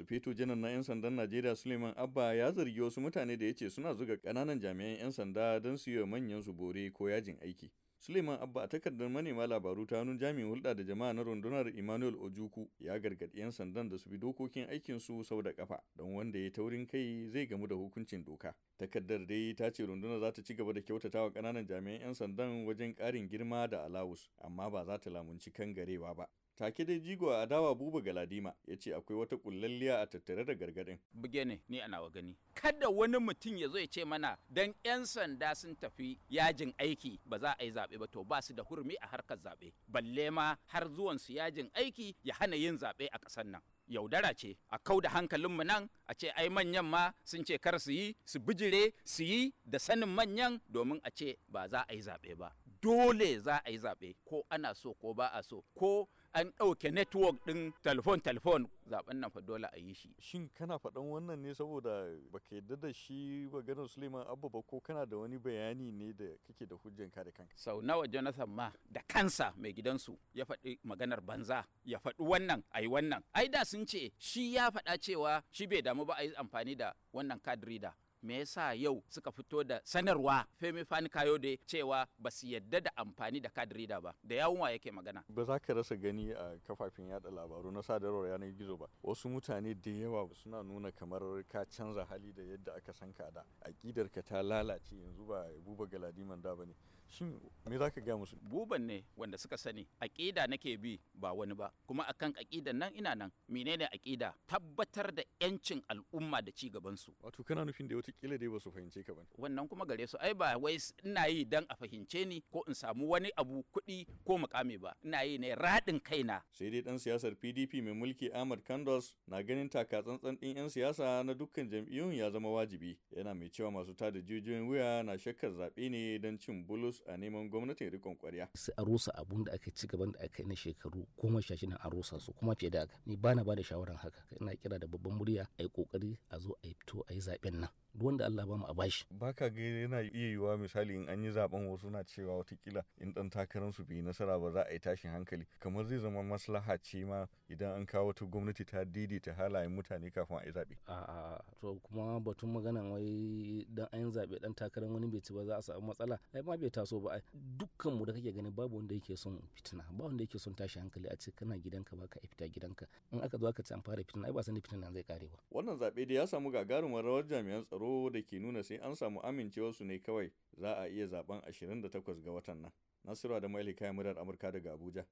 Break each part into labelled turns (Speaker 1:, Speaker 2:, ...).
Speaker 1: Sufeto janar na 'yan sandan Najeriya Suleiman Abba ya zargi wasu mutane da ya ce suna zuga ƙananan jami'an 'yan sanda don su yi manyan su bore ko yajin aiki. Suleiman Abba a takardar manema labaru ta hannun jami'in hulɗa da jama'a na rundunar Emmanuel Ojuku ya gargaɗi 'yan sandan da su bi dokokin aikinsu sau da kafa don wanda ya taurin kai zai gamu da hukuncin doka. Takardar dai ta ce rundunar za ta ci gaba da kyautata wa ƙananan jami'an 'yan sandan wajen ƙarin girma da alawus amma ba za ta lamunci kan garewa ba. Take dai jigo a adawa Buba Galadima ya ce akwai wata kullalliya a tattare da gargadin.
Speaker 2: Buge ne ni ana gani. Kada wani mutum ya zo ya ce mana dan 'yan sanda sun tafi yajin aiki ba za a yi zaɓe ba to ba su da hurmi a harkar zaɓe. Balle ma har zuwan su yajin aiki ya hana yin zaɓe a ƙasar nan. Yaudara ce a kau da hankalinmu nan a ce ai manyan ma sun ce kar su yi su bijire su yi da sanin manyan domin a ce ba za a yi zaɓe ba. dole za a yi zaɓe ko ana so ko ba a so ko an ɗauke network ɗin telefon telefon zaben nan fa dole a yi shi.
Speaker 1: Shin kana faɗan wannan ne saboda baka yadda da shi ganin Suleiman Abba ba ko
Speaker 2: kana da wani bayani ne da kake da hujjan kare kanka? Sau nawa Jonathan ma da kansa mai gidansu ya faɗi maganar banza ya faɗi wannan yi wannan. Ai da sun ce shi ya faɗa cewa shi bai damu ba a yi amfani da wannan kadiri da me yasa yau suka fito da sanarwa Femi Fani da cewa ba su yadda da amfani da card reader ba da yawun wa yake magana
Speaker 1: ba za ka rasa gani a kafafen yada labaru na sadarwar yanar gizo ba wasu mutane da yawa suna nuna kamar ka canza hali da yadda aka san ka da aƙidar ka ta lalace
Speaker 2: yanzu ba buba galadiman da ne. shin me za ka gaya musu buban ne wanda suka sani aƙida nake bi ba wani ba kuma akan aƙidan nan ina nan menene aƙida tabbatar da yancin al'umma da ci gaban su wato kana nufin
Speaker 1: da wata watakila dai ba su fahimce ka ba
Speaker 2: wannan kuma gare su ai ba wai ina yi dan a fahimce ni ko in samu wani abu kuɗi ko mukami ba ina yi ne
Speaker 1: raɗin kaina sai dai dan siyasar PDP mai mulki Ahmad Kandos na ganin taka tsantsan ɗin 'yan siyasa na dukkan jam'iyyun ya zama wajibi yana mai cewa masu tada jijiyoyin wuya na shakkar zaɓe ne don cin bulus a neman gwamnatin rikon kwarya.
Speaker 3: Sai a rusa abun da aka ci gaban da aka yi na shekaru goma sha shida a rusa su kuma fiye da haka. Ni bana ba da shawaran haka. Ina kira da babban murya a yi kokari a zo a yi fito a yi zaben nan. duk wanda Allah ba mu a bashi
Speaker 1: baka ga yana iya yiwa misali in an yi zaben wasu na cewa watakila in dan takarar su bai nasara ba za a yi tashin hankali kamar zai zama maslaha ce ma idan an kawo ta gwamnati ta daidaita halayen mutane kafin a yi zabe
Speaker 3: a to kuma batun maganan wai dan an zabe dan takarar wani bai ci ba za a samu matsala ai ma bai taso ba dukkan mu da kake gani babu wanda yake son fitina ba wanda yake son tashin hankali a ce kana gidanka ba ka fita gidanka in aka zo aka ci an fara fitina ai ba san fitina zai kare ba
Speaker 1: wannan zaɓe da ya samu gagarumar rawar jami'an tsaro tsaro da ke nuna sai an samu amincewarsu ne kawai za a iya zaben 28 ga watan nan. Nasiru da Maili kayan murar Amurka daga Abuja,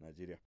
Speaker 1: Najeriya.